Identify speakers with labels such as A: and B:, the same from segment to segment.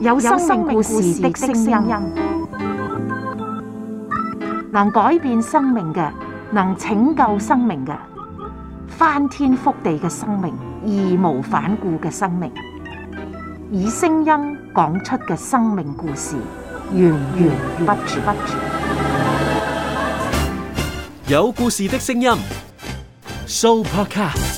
A: 有生命故事的聲音，能改變生命嘅，能拯救生命嘅，翻天覆地嘅生命，義無反顧嘅生命，以聲音講出嘅生命故事，源源不絕。有故事的聲音，Soupercast。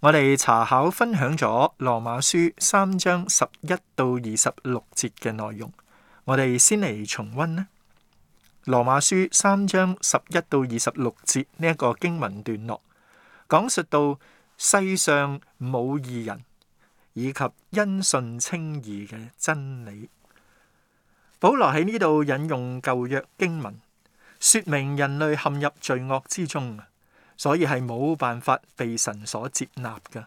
A: 我哋查考分享咗《羅馬書》三章十一到二十六節嘅內容，我哋先嚟重溫啦。《羅馬書》三章十一到二十六節呢一個經文段落，講述到世上冇義人，以及因信稱義嘅真理。保羅喺呢度引用舊約經文，說明人類陷入罪惡之中。所以係冇辦法被神所接納嘅，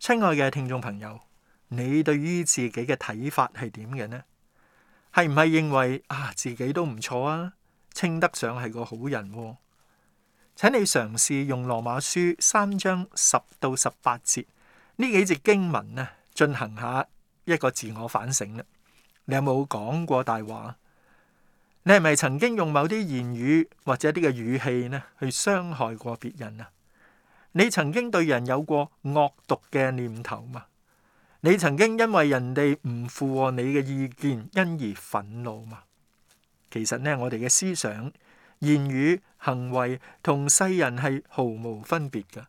A: 親愛嘅聽眾朋友,你對於自己嘅睇法係點嘅呢？係唔係認為啊自己都唔錯啊，稱得上係個好人喎？請你嘗試用羅馬書三章十到十八節呢幾節經文啊，進行一下一個自我反省啦。你有冇講過大話？你係咪曾經用某啲言語或者啲嘅語氣呢，去傷害過別人啊？你曾經對人有過惡毒嘅念頭嘛？你曾經因為人哋唔符合你嘅意見，因而憤怒嘛？其實呢，我哋嘅思想、言語、行為同世人係毫無分別㗎，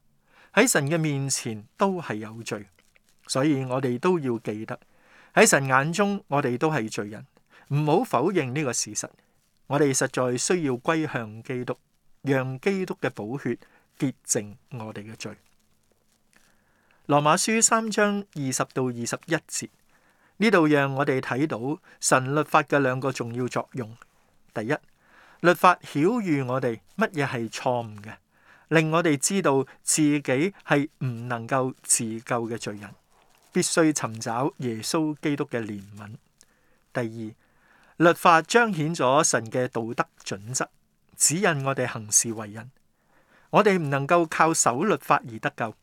A: 喺神嘅面前都係有罪，所以我哋都要記得喺神眼中，我哋都係罪人，唔好否認呢個事實。我哋實在需要歸向基督，讓基督嘅寶血潔淨我哋嘅罪。羅馬書三章二十到二十一節呢度，讓我哋睇到神律法嘅兩個重要作用：第一，律法曉諭我哋乜嘢係錯誤嘅，令我哋知道自己係唔能夠自救嘅罪人，必須尋找耶穌基督嘅憐憫；第二。律法彰顯咗神嘅道德準則，指引我哋行事為人。我哋唔能夠靠守律法而得救，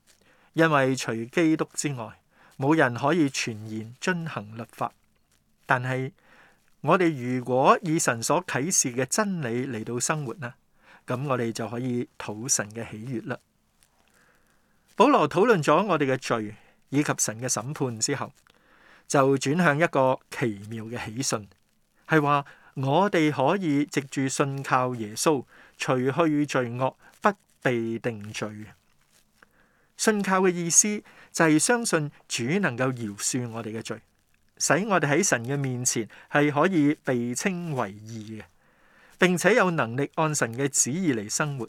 A: 因為除基督之外，冇人可以全然遵行律法。但係我哋如果以神所啟示嘅真理嚟到生活呢，咁我哋就可以討神嘅喜悦啦。保羅討論咗我哋嘅罪以及神嘅審判之後，就轉向一個奇妙嘅喜訊。係話我哋可以藉住信靠耶穌，除去罪惡，不被定罪。信靠嘅意思就係相信主能夠饒恕我哋嘅罪，使我哋喺神嘅面前係可以被稱為義嘅，並且有能力按神嘅旨意嚟生活。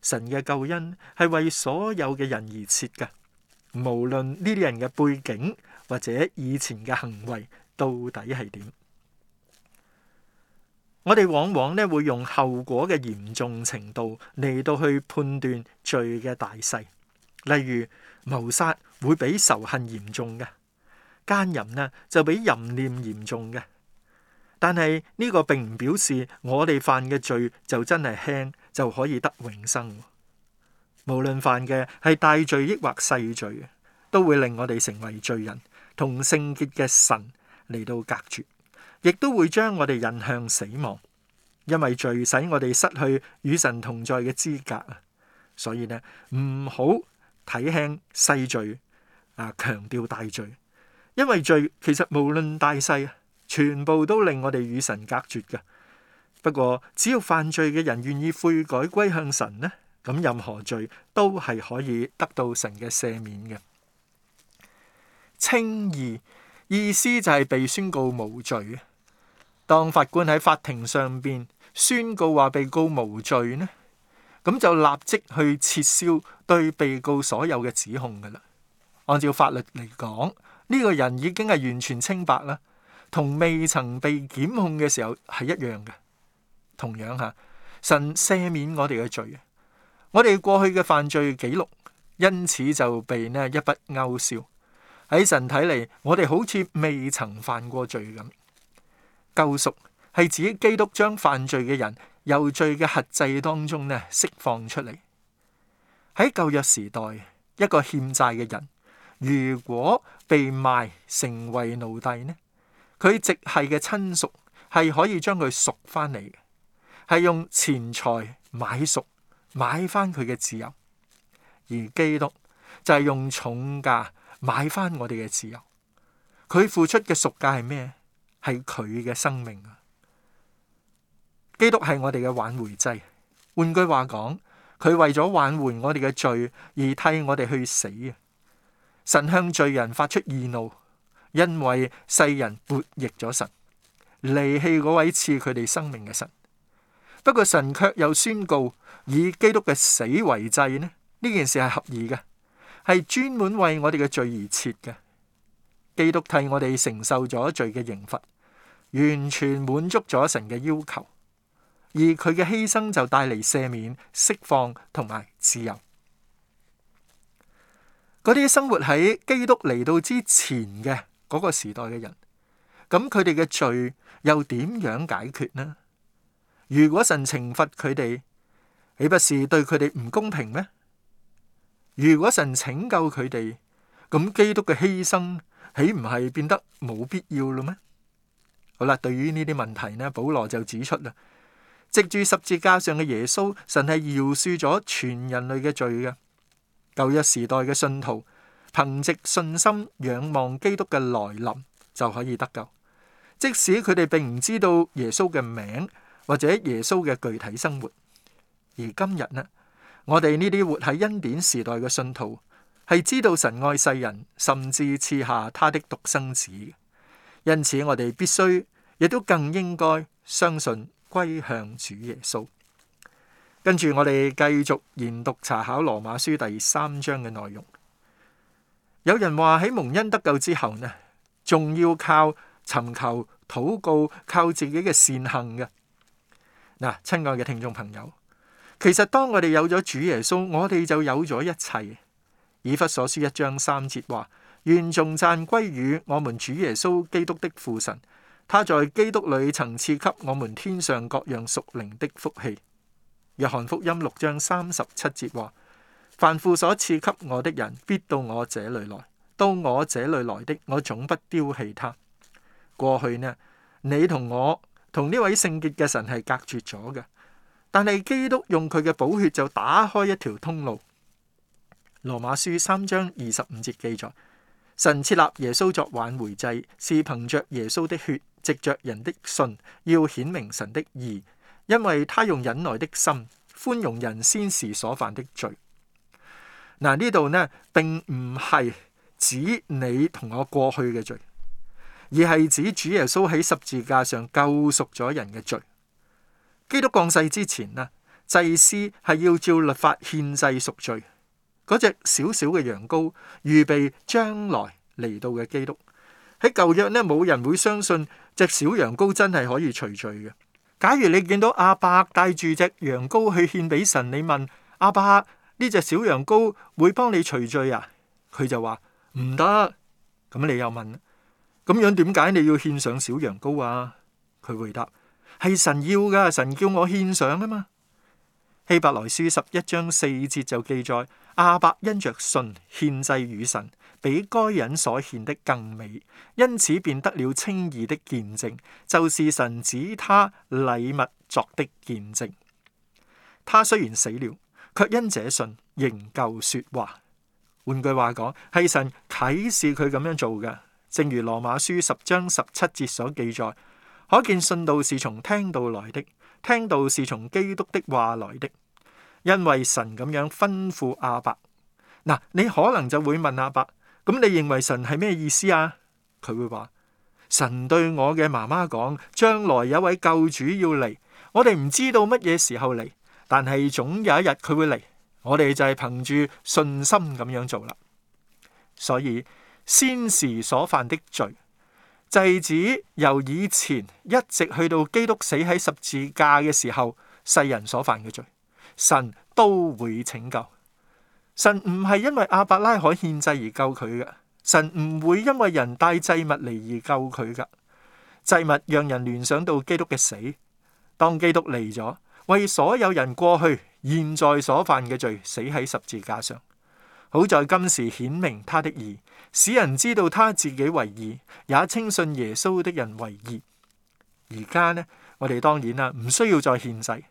A: 神嘅救恩係為所有嘅人而設噶，無論呢啲人嘅背景或者以前嘅行為到底係點。我哋往往咧，會用後果嘅嚴重程度嚟到去判斷罪嘅大細，例如謀殺會比仇恨嚴重嘅，奸淫啊就比淫念嚴重嘅。但係呢個並唔表示我哋犯嘅罪就真係輕，就可以得永生。無論犯嘅係大罪抑或細罪，都會令我哋成為罪人，同聖潔嘅神嚟到隔絕。亦都會將我哋引向死亡，因為罪使我哋失去與神同在嘅資格啊！所以呢，唔好睇輕細罪啊，強調大罪，因為罪其實無論大細啊，全部都令我哋與神隔絕嘅。不過，只要犯罪嘅人願意悔改歸向神咧，咁任何罪都係可以得到神嘅赦免嘅。稱義意思就係被宣告無罪。當法官喺法庭上邊宣告話被告無罪呢，咁就立即去撤銷對被告所有嘅指控噶啦。按照法律嚟講，呢個人已經係完全清白啦，同未曾被檢控嘅時候係一樣嘅。同樣嚇，神赦免我哋嘅罪，我哋過去嘅犯罪記錄因此就被呢一筆勾銷。喺神睇嚟，我哋好似未曾犯過罪咁。救贖係指基督將犯罪嘅人由罪嘅核制當中呢，釋放出嚟。喺舊約時代，一個欠債嘅人如果被賣成為奴隸呢，佢直係嘅親屬係可以將佢贖翻嚟，係用錢財買贖買翻佢嘅自由。而基督就係用重價買翻我哋嘅自由。佢付出嘅贖價係咩？係佢嘅生命啊！基督係我哋嘅挽回祭。換句話講，佢為咗挽回我哋嘅罪而替我哋去死啊！神向罪人發出義怒，因為世人悖逆咗神，離棄嗰位賜佢哋生命嘅神。不過神卻又宣告以基督嘅死為祭呢，呢件事係合意嘅，係專門為我哋嘅罪而設嘅。基督替我哋承受咗罪嘅刑罰，完全滿足咗神嘅要求，而佢嘅犧牲就帶嚟赦免、釋放同埋自由。嗰啲生活喺基督嚟到之前嘅嗰個時代嘅人，咁佢哋嘅罪又點樣解決呢？如果神懲罰佢哋，豈不是對佢哋唔公平咩？如果神拯救佢哋，咁基督嘅犧牲。豈唔係變得冇必要咯咩？好啦，對於呢啲問題呢，保羅就指出啦，藉住十字架上嘅耶穌，神係饒恕咗全人類嘅罪嘅。舊約時代嘅信徒，憑藉信心仰望基督嘅來臨就可以得救，即使佢哋並唔知道耶穌嘅名或者耶穌嘅具體生活。而今日呢，我哋呢啲活喺恩典時代嘅信徒，係知道神愛世人，甚至賜下他的獨生子。因此，我哋必須亦都更應該相信歸向主耶穌。跟住我哋繼續研讀查考羅馬書第三章嘅內容。有人話喺蒙恩得救之後呢，仲要靠尋求禱告，靠自己嘅善行嘅嗱，親愛嘅聽眾朋友，其實當我哋有咗主耶穌，我哋就有咗一切。以弗所書一章三節話：願頌讚歸於我們主耶穌基督的父神，他在基督裏曾賜給我們天上各樣屬靈的福氣。約翰福音六章三十七節話：凡父所賜給我的人，必到我這裏來；到我這裏來的，我總不丟棄他。過去呢，你同我同呢位聖潔嘅神係隔絕咗嘅，但係基督用佢嘅寶血就打開一條通路。羅馬書三章二十五節記載：神設立耶穌作挽回祭，是憑着耶穌的血，藉着人的信，要顯明神的義。因為他用忍耐的心寬容人先時所犯的罪。嗱，呢度呢，並唔係指你同我過去嘅罪，而係指主耶穌喺十字架上救贖咗人嘅罪。基督降世之前呢，祭司係要照律法獻祭贖罪。嗰隻小小嘅羊羔預備將來嚟到嘅基督喺舊約呢，冇人會相信隻小羊羔真係可以除罪嘅。假如你見到阿伯帶住隻羊羔,羔去獻俾神，你問阿伯呢隻小羊羔會幫你除罪啊？佢就話唔得。咁你又問咁樣點解你要獻上小羊羔啊？佢回答係神要噶，神叫我獻上啊嘛。希伯來書十一章四節就記載。阿伯因着信獻祭與神，比該人所獻的更美，因此便得了稱義的見證，就是神指他禮物作的見證。他雖然死了，却因這信仍舊說話。換句話講，係神啟示佢咁樣做嘅。正如羅馬書十章十七節所記載，可見信道是從聽道來的，聽道是從基督的話來的。因為神咁樣吩咐阿伯嗱，你可能就會問阿伯，咁你認為神係咩意思啊？佢會話，神對我嘅媽媽講，將來有位救主要嚟，我哋唔知道乜嘢時候嚟，但係總有一日佢會嚟，我哋就係憑住信心咁樣做啦。所以先時所犯的罪，就係指由以前一直去到基督死喺十字架嘅時候，世人所犯嘅罪。神都會拯救，神唔係因為亞伯拉罕獻祭而救佢嘅，神唔會因為人帶祭物嚟而救佢㗎，祭物讓人聯想到基督嘅死，當基督嚟咗，為所有人過去、現在所犯嘅罪死喺十字架上，好在今時顯明他的義，使人知道他自己為義，也稱信耶穌的人為義。而家呢，我哋當然啦，唔需要再獻祭。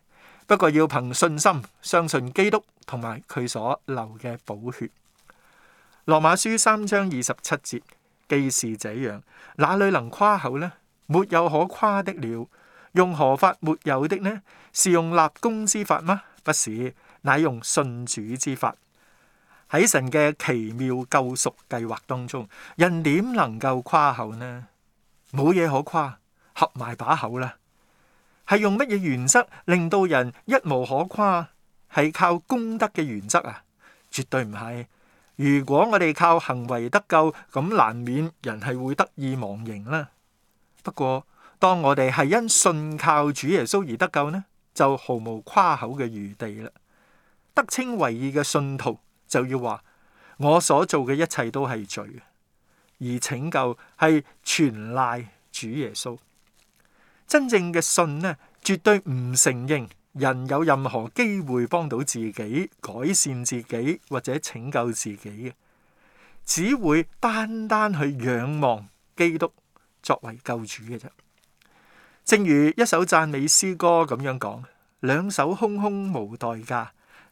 A: 不過要憑信心，相信基督同埋佢所流嘅寶血。羅馬書三章二十七節，既是這樣，哪裏能誇口呢？沒有可誇的了。用何法沒有的呢？是用立功之法嗎？不是，乃用信主之法。喺神嘅奇妙救贖計劃當中，人點能夠誇口呢？冇嘢可誇，合埋把口啦。係用乜嘢原則令到人一無可誇？係靠功德嘅原則啊，絕對唔係。如果我哋靠行為得救，咁難免人係會得意忘形啦。不過，當我哋係因信靠主耶穌而得救呢，就毫無誇口嘅餘地啦。得稱為義嘅信徒就要話：我所做嘅一切都係罪，而拯救係全賴主耶穌。真正嘅信呢，絕對唔承認人有任何機會幫到自己、改善自己或者拯救自己嘅，只會單單去仰望基督作為救主嘅啫。正如一首讚美詩歌咁樣講：兩手空空無代價，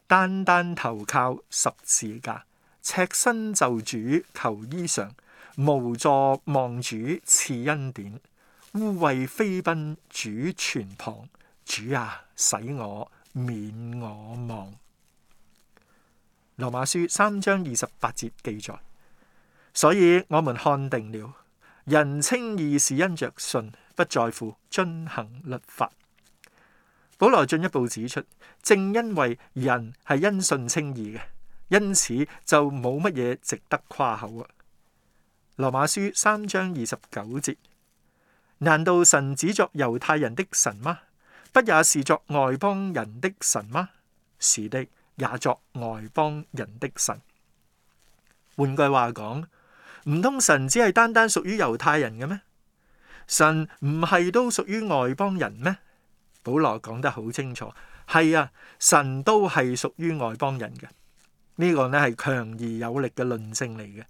A: 單單投靠十字架，赤身就主求衣裳，無助望主賜恩典。污穢飛奔主泉旁，主啊，使我免我亡。羅馬書三章二十八節記載，所以我們看定了，人稱義是因着信，不在乎遵行律法。保羅進一步指出，正因為人係因信稱義嘅，因此就冇乜嘢值得誇口啊。羅馬書三章二十九節。難道神只作猶太人的神嗎？不也是作外邦人的神嗎？是的，也作外邦人的神。換句話講，唔通神只係單單屬於猶太人嘅咩？神唔係都屬於外邦人咩？保羅講得好清楚，係啊，神都係屬於外邦人嘅。呢、這個呢係強而有力嘅論證嚟嘅。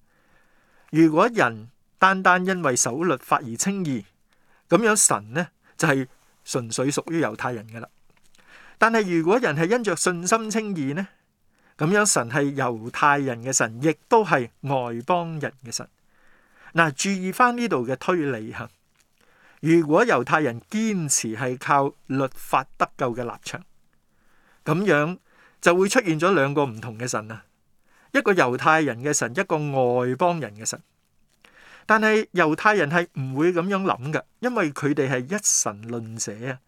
A: 如果人單單因為守律法而稱義，咁樣神呢，就係、是、純粹屬於猶太人嘅啦。但係如果人係因着信心稱義呢，咁樣神係猶太人嘅神，亦都係外邦人嘅神。嗱、啊，注意翻呢度嘅推理啊！如果猶太人堅持係靠律法得救嘅立場，咁樣就會出現咗兩個唔同嘅神啊！一個猶太人嘅神，一個外邦人嘅神。但係猶太人係唔會咁樣諗噶，因為佢哋係一神論者啊。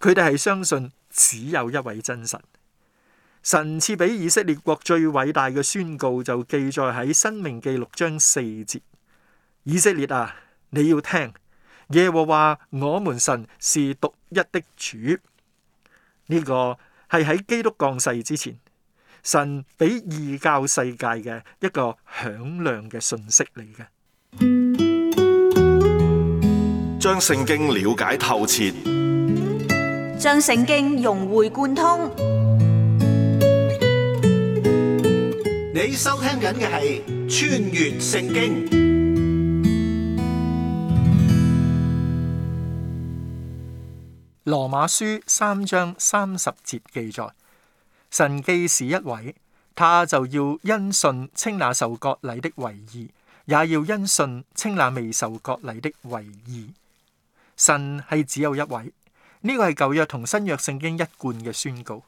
A: 佢哋係相信只有一位真神。神賜俾以色列國最偉大嘅宣告就記載喺《申命記》六章四節。以色列啊，你要聽耶和華，我們神是獨一的主。呢、這個係喺基督降世之前，神俾異教世界嘅一個響亮嘅訊息嚟嘅。將聖經了解透徹，將聖經融會貫通。你收聽緊嘅係《穿越聖經》。羅馬書三章三十節記載：神既是一位，他就要因信稱那受割禮的為義，也要因信稱那未受割禮的為義。神係只有一位，呢個係舊約同新約聖經一貫嘅宣告。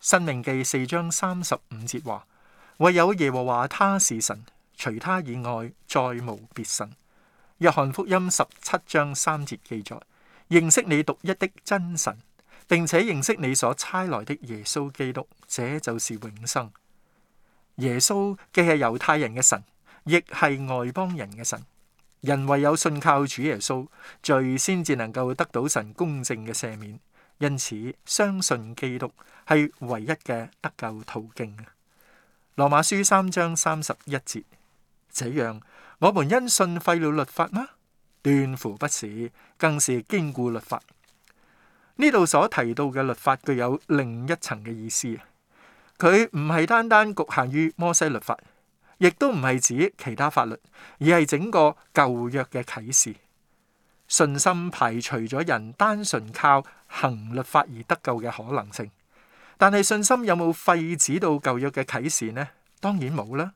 A: 申命記四章三十五節話：唯有耶和華他是神，除他以外再無別神。約翰福音十七章三節記載：認識你獨一的真神，並且認識你所差來的耶穌基督，這就是永生。耶穌既係猶太人嘅神，亦係外邦人嘅神。人唯有信靠主耶穌，罪先至能夠得到神公正嘅赦免。因此，相信基督係唯一嘅得救途徑。羅馬書三章三十一節：這樣，我們因信廢了律法嗎？斷乎不是，更是堅固律法。呢度所提到嘅律法具有另一層嘅意思，佢唔係單單局限於摩西律法。亦都唔係指其他法律，而係整個舊約嘅啟示。信心排除咗人單純靠行律法而得救嘅可能性。但係信心有冇廢止到舊約嘅啟示呢？當然冇啦。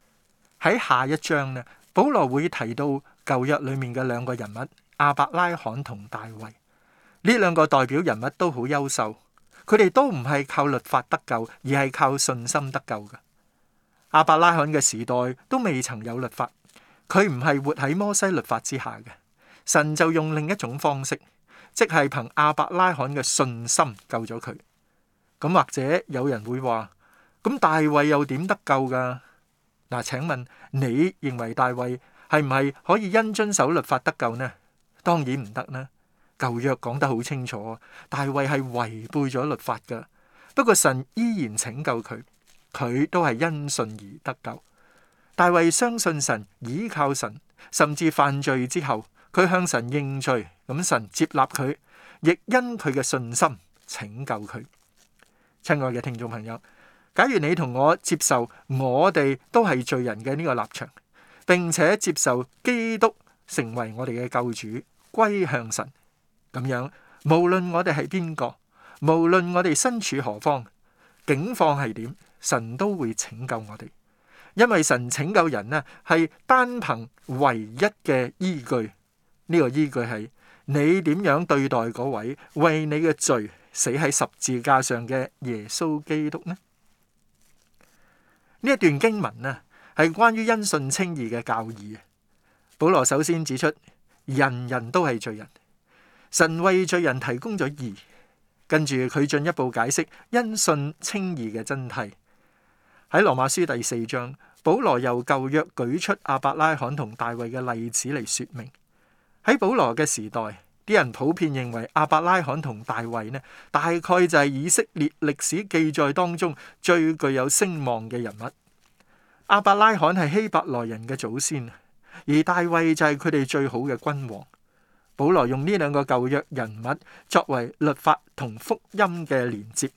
A: 喺下一章呢，保羅會提到舊約裏面嘅兩個人物，亞伯拉罕同大衛。呢兩個代表人物都好優秀，佢哋都唔係靠律法得救，而係靠信心得救嘅。阿伯拉罕嘅時代都未曾有律法，佢唔係活喺摩西律法之下嘅。神就用另一種方式，即係憑阿伯拉罕嘅信心救咗佢。咁或者有人會話：「咁大衛又點得救噶？」嗱，請問你認為大衛係唔係可以因遵守律法得救呢？當然唔得啦。舊約講得好清楚，大衛係違背咗律法噶。不過神依然拯救佢。佢都係因信而得救。大衛相信神，倚靠神，甚至犯罪之後，佢向神認罪，咁神接納佢，亦因佢嘅信心拯救佢。親愛嘅聽眾朋友，假如你同我接受，我哋都係罪人嘅呢個立場，並且接受基督成為我哋嘅救主，歸向神，咁樣無論我哋係邊個，無論我哋身處何方，境況係點。神都會拯救我哋，因為神拯救人咧係單憑唯一嘅依據。呢個依據係你點樣對待嗰位為你嘅罪死喺十字架上嘅耶穌基督呢？呢一段經文啊，係關於因信稱義嘅教義。保羅首先指出人人都係罪人，神為罪人提供咗義。跟住佢進一步解釋因信稱義嘅真諦。喺羅馬書第四章，保羅由舊約舉出亞伯拉罕同大衛嘅例子嚟說明。喺保羅嘅時代，啲人普遍認為亞伯拉罕同大衛呢，大概就係以色列歷史記載當中最具有聲望嘅人物。亞伯拉罕係希伯來人嘅祖先，而大衛就係佢哋最好嘅君王。保羅用呢兩個舊約人物作為律法同福音嘅連接。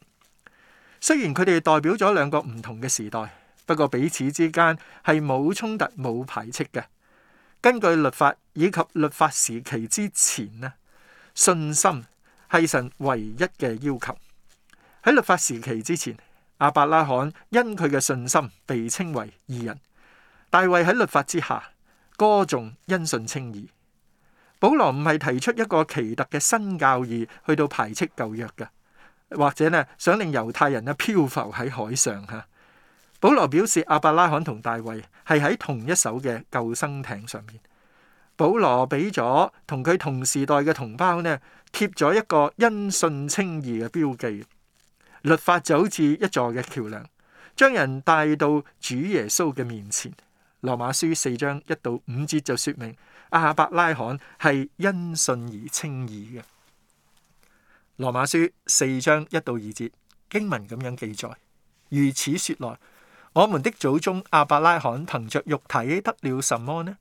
A: 雖然佢哋代表咗兩個唔同嘅時代，不過彼此之間係冇衝突、冇排斥嘅。根據律法以及律法時期之前呢，信心係神唯一嘅要求。喺律法時期之前，亞伯拉罕因佢嘅信心被稱為義人；大衛喺律法之下歌頌因信稱義。保羅唔係提出一個奇特嘅新教義去到排斥舊約嘅。或者咧想令猶太人咧漂浮喺海上嚇，保羅表示阿伯拉罕同大衛係喺同一艘嘅救生艇上面。保羅俾咗同佢同時代嘅同胞呢貼咗一個因信稱義嘅標記。律法就好似一座嘅橋梁，將人帶到主耶穌嘅面前。羅馬書四章一到五節就說明阿伯拉罕係因信而稱義嘅。羅馬書四章一到二節經文咁樣記載，如此說來，我們的祖宗亞伯拉罕憑着肉體得了什麼呢？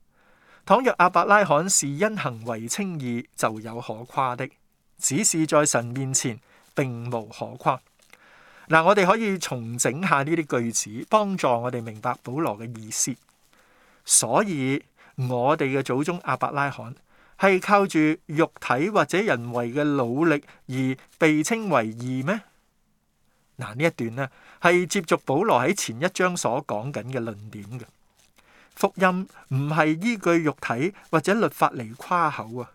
A: 倘若亞伯拉罕是因行為稱義，就有可誇的；只是在神面前，並無可誇。嗱，我哋可以重整下呢啲句子，幫助我哋明白保羅嘅意思。所以我哋嘅祖宗亞伯拉罕。係靠住肉體或者人為嘅努力而被稱為義咩？嗱，呢一段呢係接續保羅喺前一章所講緊嘅論點嘅。福音唔係依據肉體或者律法嚟誇口啊！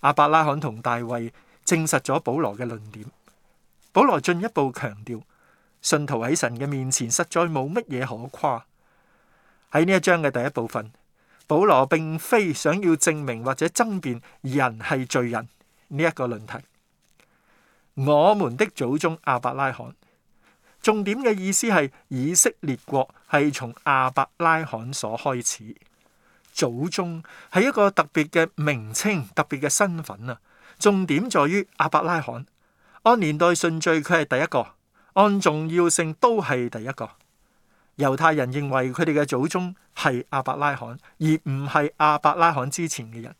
A: 亞伯拉罕同大衛證實咗保羅嘅論點。保羅進一步強調，信徒喺神嘅面前實在冇乜嘢可誇。喺呢一章嘅第一部分。保羅並非想要證明或者爭辯人係罪人呢一個論題。我們的祖宗亞伯拉罕，重點嘅意思係以色列國係從亞伯拉罕所開始。祖宗係一個特別嘅名稱、特別嘅身份啊。重點在於亞伯拉罕。按年代順序佢係第一個，按重要性都係第一個。猶太人認為佢哋嘅祖宗係亞伯拉罕，而唔係亞伯拉罕之前嘅人。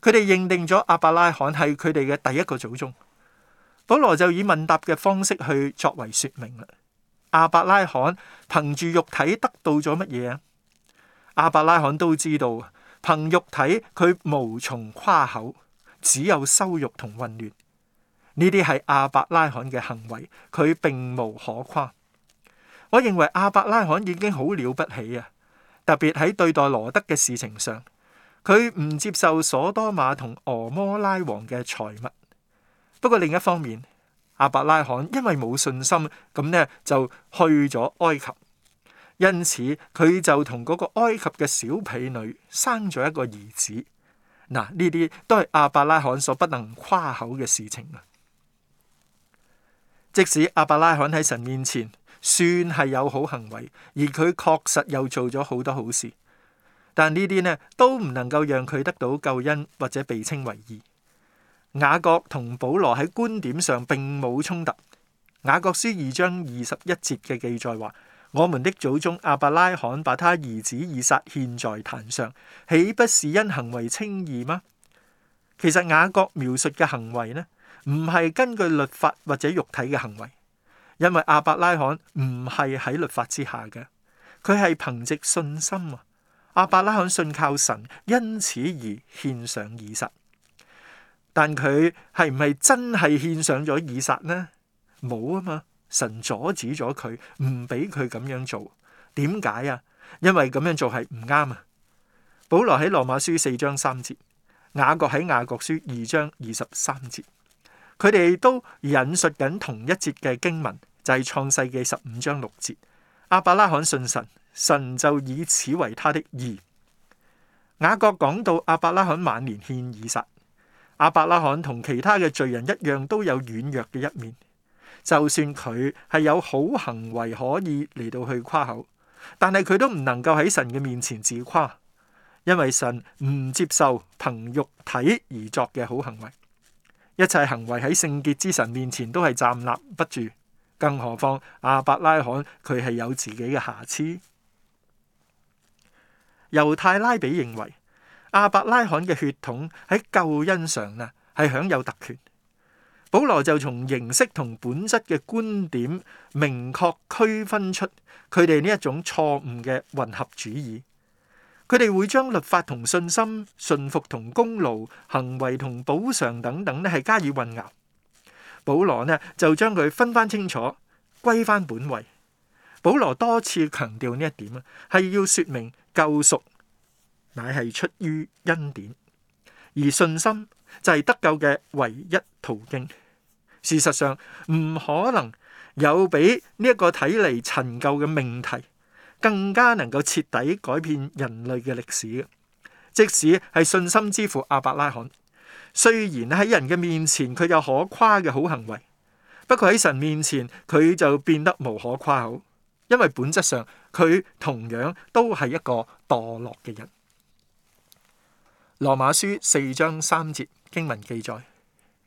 A: 佢哋認定咗亞伯拉罕係佢哋嘅第一個祖宗。保羅就以問答嘅方式去作為説明啦。亞伯拉罕憑住肉體得到咗乜嘢啊？亞伯拉罕都知道，憑肉體佢無從誇口，只有羞辱同混亂。呢啲係亞伯拉罕嘅行為，佢並無可誇。我認為亞伯拉罕已經好了不起啊，特別喺對待羅德嘅事情上，佢唔接受所多瑪同俄摩拉王嘅財物。不過另一方面，亞伯拉罕因為冇信心，咁呢就去咗埃及，因此佢就同嗰個埃及嘅小婢女生咗一個兒子。嗱，呢啲都係亞伯拉罕所不能誇口嘅事情啊。即使亞伯拉罕喺神面前，算係有好行為，而佢確實又做咗好多好事，但呢啲呢，都唔能夠讓佢得到救恩或者被稱為義。雅各同保羅喺觀點上並冇衝突。雅各書二章二十一節嘅記載話：「我們的祖宗亞伯拉罕把他兒子以撒獻在壇上，豈不是因行為稱義嗎？」其實雅各描述嘅行為呢，唔係根據律法或者肉體嘅行為。因為亞伯拉罕唔係喺律法之下嘅，佢係憑借信心啊。亞伯拉罕信靠神，因此而獻上以撒。但佢係唔係真係獻上咗以撒呢？冇啊嘛，神阻止咗佢，唔俾佢咁樣做。點解啊？因為咁樣做係唔啱啊。保羅喺羅馬書四章三節，雅各喺雅各書二章二十三節，佢哋都引述緊同一節嘅經文。就係創世記十五章六節，阿伯拉罕信神，神就以此為他的義。雅各講到阿伯拉罕晚年獻以撒，阿伯拉罕同其他嘅罪人一樣，都有軟弱嘅一面。就算佢係有好行為可以嚟到去誇口，但係佢都唔能夠喺神嘅面前自誇，因為神唔接受憑肉體而作嘅好行為。一切行為喺聖潔之神面前都係站立不住。更何況，亞伯拉罕佢係有自己嘅瑕疵。猶太拉比認為亞伯拉罕嘅血統喺救恩上啊係享有特權。保羅就從形式同本質嘅觀點，明確區分出佢哋呢一種錯誤嘅混合主義。佢哋會將律法同信心、信服同功勞、行為同補償等等咧係加以混淆。保羅呢就將佢分翻清楚，歸翻本位。保羅多次強調呢一點啊，係要說明救贖乃係出於恩典，而信心就係得救嘅唯一途徑。事實上，唔可能有比呢一個睇嚟陳舊嘅命題更加能夠徹底改變人類嘅歷史。即使係信心之父亞伯拉罕。雖然喺人嘅面前，佢有可誇嘅好行為，不過喺神面前佢就變得無可誇口，因為本質上佢同樣都係一個墮落嘅人。羅馬書四章三節經文記載，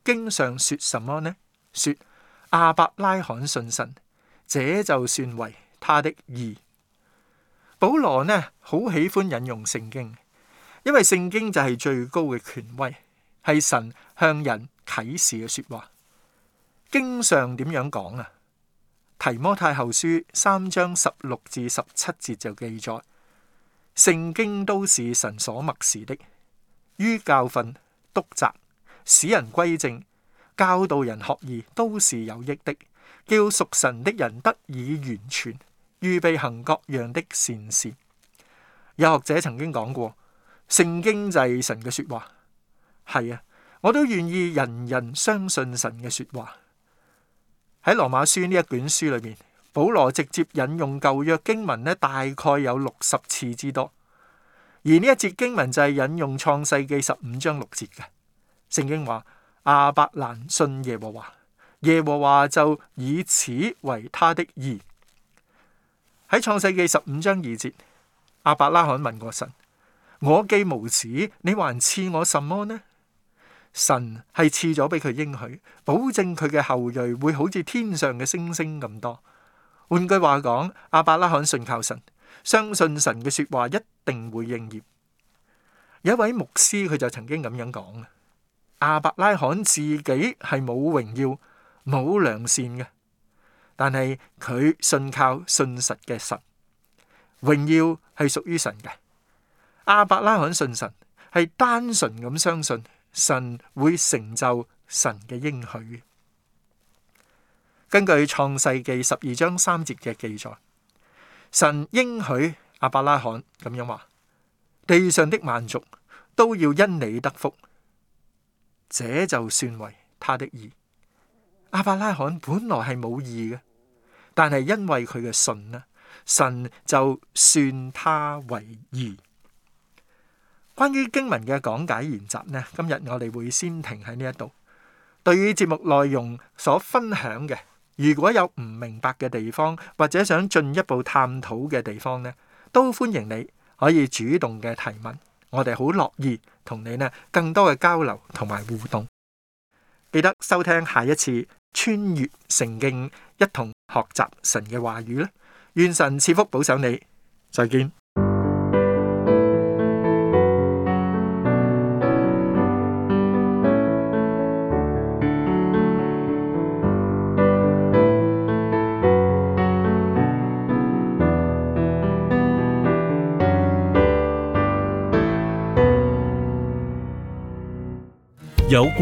A: 經上說什麼呢？說亞伯拉罕信神，這就算為他的義。保羅呢，好喜歡引用聖經，因為聖經就係最高嘅權威。係神向人啟示嘅說話，經上點樣講啊？提摩太後書三章十六至十七節就記載，聖經都是神所默示的，於教訓讀、督責、使人歸正、教導人學義，都是有益的，叫屬神的人得以完全，預備行各樣的善事。有學者曾經講過，聖經係、就是、神嘅說話。係啊，我都願意人人相信神嘅說話。喺羅馬書呢一卷書裏面，保羅直接引用舊約經文呢，大概有六十次之多。而呢一節經文就係引用創世紀十五章六節嘅聖經話：阿伯蘭信耶和華，耶和華就以此為他的義。喺創世紀十五章二節，阿伯拉罕問過神：我既無子，你還賜我什麼呢？神係賜咗俾佢應許，保證佢嘅後裔會好似天上嘅星星咁多。換句話講，亞伯拉罕信靠神，相信神嘅說話一定會應驗。有一位牧師，佢就曾經咁樣講嘅：亞伯拉罕自己係冇榮耀、冇良善嘅，但係佢信靠信實嘅神，榮耀係屬於神嘅。亞伯拉罕信神係單純咁相信。神會成就神嘅應許。根據創世記十二章三節嘅記載，神應許阿伯拉罕咁樣話：「地上的萬族都要因你得福，這就算為他的義。」阿伯拉罕本來係冇義嘅，但係因為佢嘅信呢，神就算他為義。關於經文嘅講解研習呢，今日我哋會先停喺呢一度。對於節目內容所分享嘅，如果有唔明白嘅地方，或者想進一步探討嘅地方呢，都歡迎你可以主動嘅提問，我哋好樂意同你呢更多嘅交流同埋互動。記得收聽下一次穿越聖境，一同學習神嘅話語啦！願神賜福保守你，再見。